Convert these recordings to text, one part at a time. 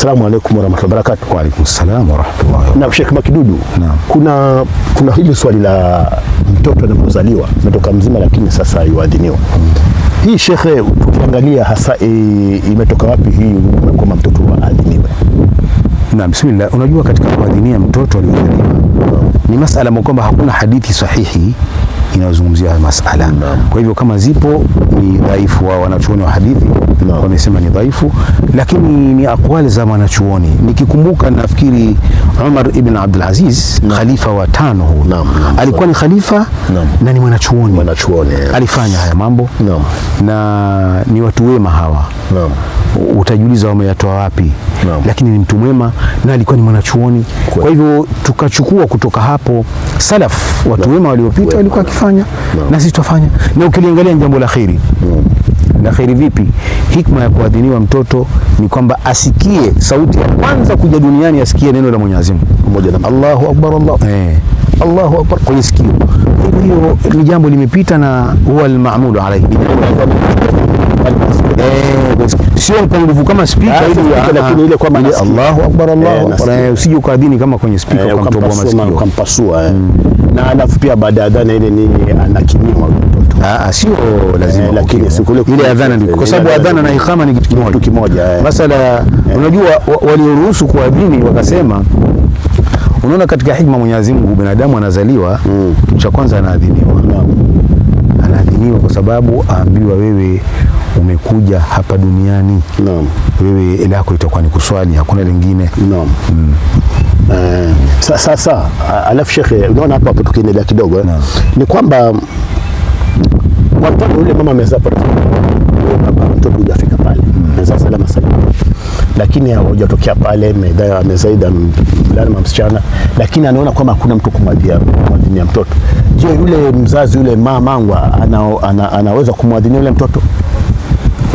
Asalamu alaykum wa rahmatullahi Wa alaykum salaam warahmatullahi. Na Sheikh Makidudu, kuna kuna hili swali la mtoto anapozaliwa metoka mzima, lakini sasa yuadhiniwa hmm. hii shekhe, tukiangalia hasa e, imetoka wapi hii kwamba mtoto waadhiniwe? Na bismillah, unajua katika kuadhinia mtoto aliyozaliwa ni masala kwamba hakuna hadithi sahihi inayozungumzia hayo masala Kwa hivyo kama zipo ni dhaifu, wa wanachuoni wa hadithi wamesema ni dhaifu, lakini ni akwali za wanachuoni. Nikikumbuka nafikiri Umar ibn Abdul Aziz khalifa wa tano huyu alikuwa ni khalifa na ni mwanachuoni mwanachuoni, alifanya haya mambo no. na ni watu wema hawa no. utajiuliza wameyatoa wapi? no. Lakini ni mtu mwema na alikuwa ni mwanachuoni kwa, kwa hivyo tukachukua kutoka hapo salaf watu no. wema waliopita walikuwa wakifanya no. na sisi tutafanya, na ukiliangalia ni jambo la kheri no. La kheri vipi? Hikma ya kuadhiniwa mtoto ni kwamba asikie sauti ya kwanza kuja duniani, asikie neno la Mwenyezi Mungu, Allahu akbar Allah eh. Allahu akbar kwenye sikio. hiyo ni jambo limepita na huwa almaamulu alayhi eh, sio kwa nguvu kama speaker, ah, ile kwa ah, maana Allahu akbar eh, Allahu akbar, usije ukaadhini kama kwenye spika ukamtoboa eh, masikio ukampasua. Mm. Na alafu pia baada ya adhana ile ni anakinywa ah, ah, sio lazima eh, lakini ile adhana ndio, kwa sababu adhana na ikama ni kitu kimoja. Masala unajua walioruhusu kuadhini wakasema Unaona, katika hikma Mwenyezi Mungu, binadamu anazaliwa mm. kitu cha kwanza anaadhiniwa no. anaadhiniwa kwa sababu aambiwa, wewe umekuja hapa duniani no. wewe lako itakuwa ni kuswali, hakuna lingine no. mm. Uh, eh, sasa sa, alafu shekhe, unaona hapa hapo tukiendelea kidogo eh? no. ni kwamba kwa mfano yule mama amezaa mtoto hujafika pale, mm. na sasa salama salama lakini hawajatokea pale, amezaidi mvulana msichana, lakini anaona kwamba hakuna mtu kumwadhinia mtoto. Je, yule mzazi yule mamangwa ana, ana, anaweza kumwadhinia yule mtoto?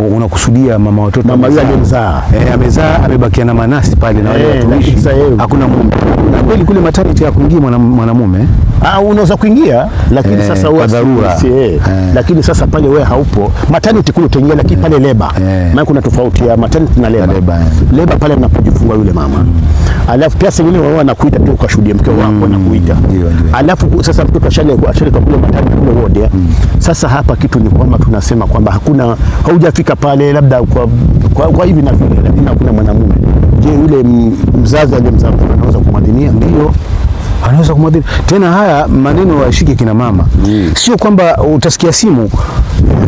unakusudia mama watoto mama yule aliyemzaa eh, amezaa amebakia na manasi pale na eh, wale watumishi, hakuna mume. Na kweli kule maternity ya kuingia mwanamume ah, unaweza kuingia lakini eh, sasa kwa dharura eh, eh, lakini sasa pale wewe haupo maternity kule utaingia, lakini eh. pale leba, maana kuna tofauti ya maternity na leba. Leba pale mnapojifunga yule mama alafu pia sengine wao wanakuita tu shuhudia mke wako mm, anakuita alafu sasa mtoto ashale kule matani kule wode. Mm. Sasa hapa kitu ni kwamba tunasema kwamba hakuna haujafika pale, labda kwa, kwa, kwa hivi na vile, lakini hakuna mwanamume. Je, yule mzazi aliyemzaa anaweza kumwadhinia? Ndio, anaweza kumwadhini. Tena haya maneno washike kina mama, mm. sio kwamba utasikia simu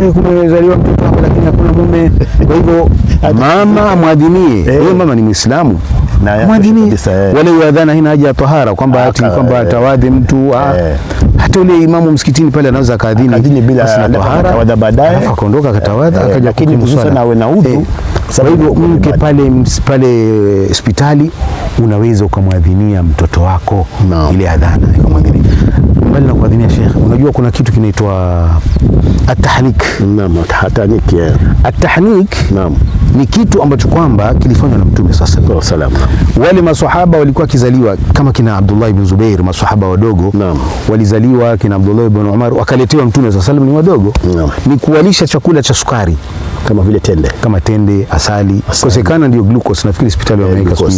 eh, kumezaliwa mtoto lakini hakuna mume. Kwa hivyo mama mwadhinie. Eh. Huyo mama ni Mwislamu. Eh. wale wadhana hina haja ya tahara kwamba ati kwamba eh. atawadhi mtu ah. eh. hata ule imamu msikitini pale anaweza akaadhini bila tahara baadaye akaondoka akatawadha akaja kukusana awe na udhu. Kwa hivyo mke pale pale hospitali unaweza ukamwadhinia mtoto wako ile adhana ikamwadhinia mbali na kuadhinia Sheikh, unajua kuna kitu kinaitwa atahnik. Naam, atahnik. Atahnik. Naam ni kitu ambacho kwamba kilifanywa na Mtume sallallahu alaihi wasallam. Wale maswahaba walikuwa wakizaliwa kama kina Abdullah ibn Zubair, maswahaba wadogo walizaliwa, kina Abdullah ibn Umar wakaletewa Mtume sallallahu alaihi wasallam, ni wadogo, Naam. ni kuwalisha chakula cha sukari kama vile tende, kama tende, asali, asali. Kosekana ndio glucose, nafikiri hospitali ya Amerika siku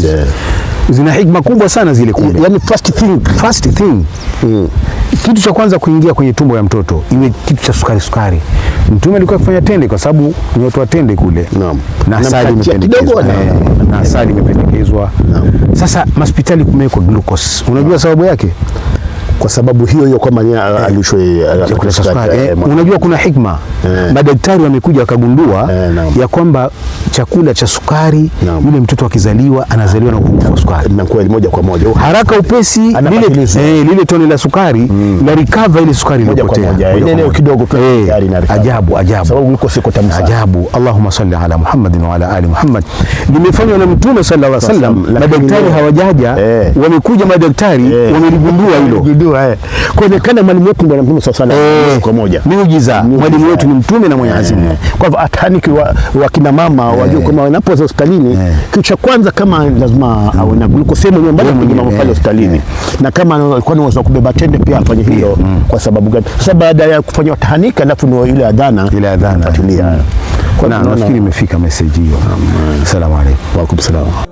zina hikma kubwa sana zile kumbe, yani first thing, first thing mm kitu cha kwanza kuingia kwenye tumbo ya mtoto iwe kitu cha sukari sukari. Mtume alikuwa akifanya tende kwa sababu ni watu wa tende kule. Naam. Na asali imependekezwa. Eh, na asali imependekezwa. Sasa hospitali kumewekwa glucose. Unajua sababu yake? kwa sababu hiyo hiyo kwamba alushwe. Eh, eh, eh, unajua kuna hikma eh. Madaktari wamekuja wakagundua eh, ya kwamba chakula cha sukari Yule mtoto akizaliwa anazaliwa na upungufu wa sukari na kweli, moja kwa moja haraka upesi lile, eh, lile toni la sukari mm. na recover ile sukari iliyopotea kidogo tu eh, ajabu ajabu, sababu yuko siko tamu sana ajabu. Allahumma salli ala Muhammad wa ala ali Muhammad, limefanywa na Mtume sallallahu alaihi wasallam. Madaktari hawajaja, wamekuja madaktari wameligundua hilo Unajua eh. Kwa hiyo kana mwalimu wetu bwana Mtume sallallahu eh, alaihi kwa moja. Miujiza. Mwalimu wetu ni Mtume na Mwenyezi eh, Mungu. Kwa hivyo atani wa kina mama eh. wajua kama wanapoza hospitalini, kitu cha kwanza kama lazima awe na glucose mwenye mbali mwenye mama pale hospitalini. Na kama alikuwa ni uwezo kubeba tende pia afanye hilo mm, mm. kwa sababu gani? Sasa baada ya kufanya tahanika alafu ndio ile adhana. Ile adhana. Atulia. Mm. Kwa Nafikiri imefika message hiyo. Asalamu alaykum. Wa alaykum salaam.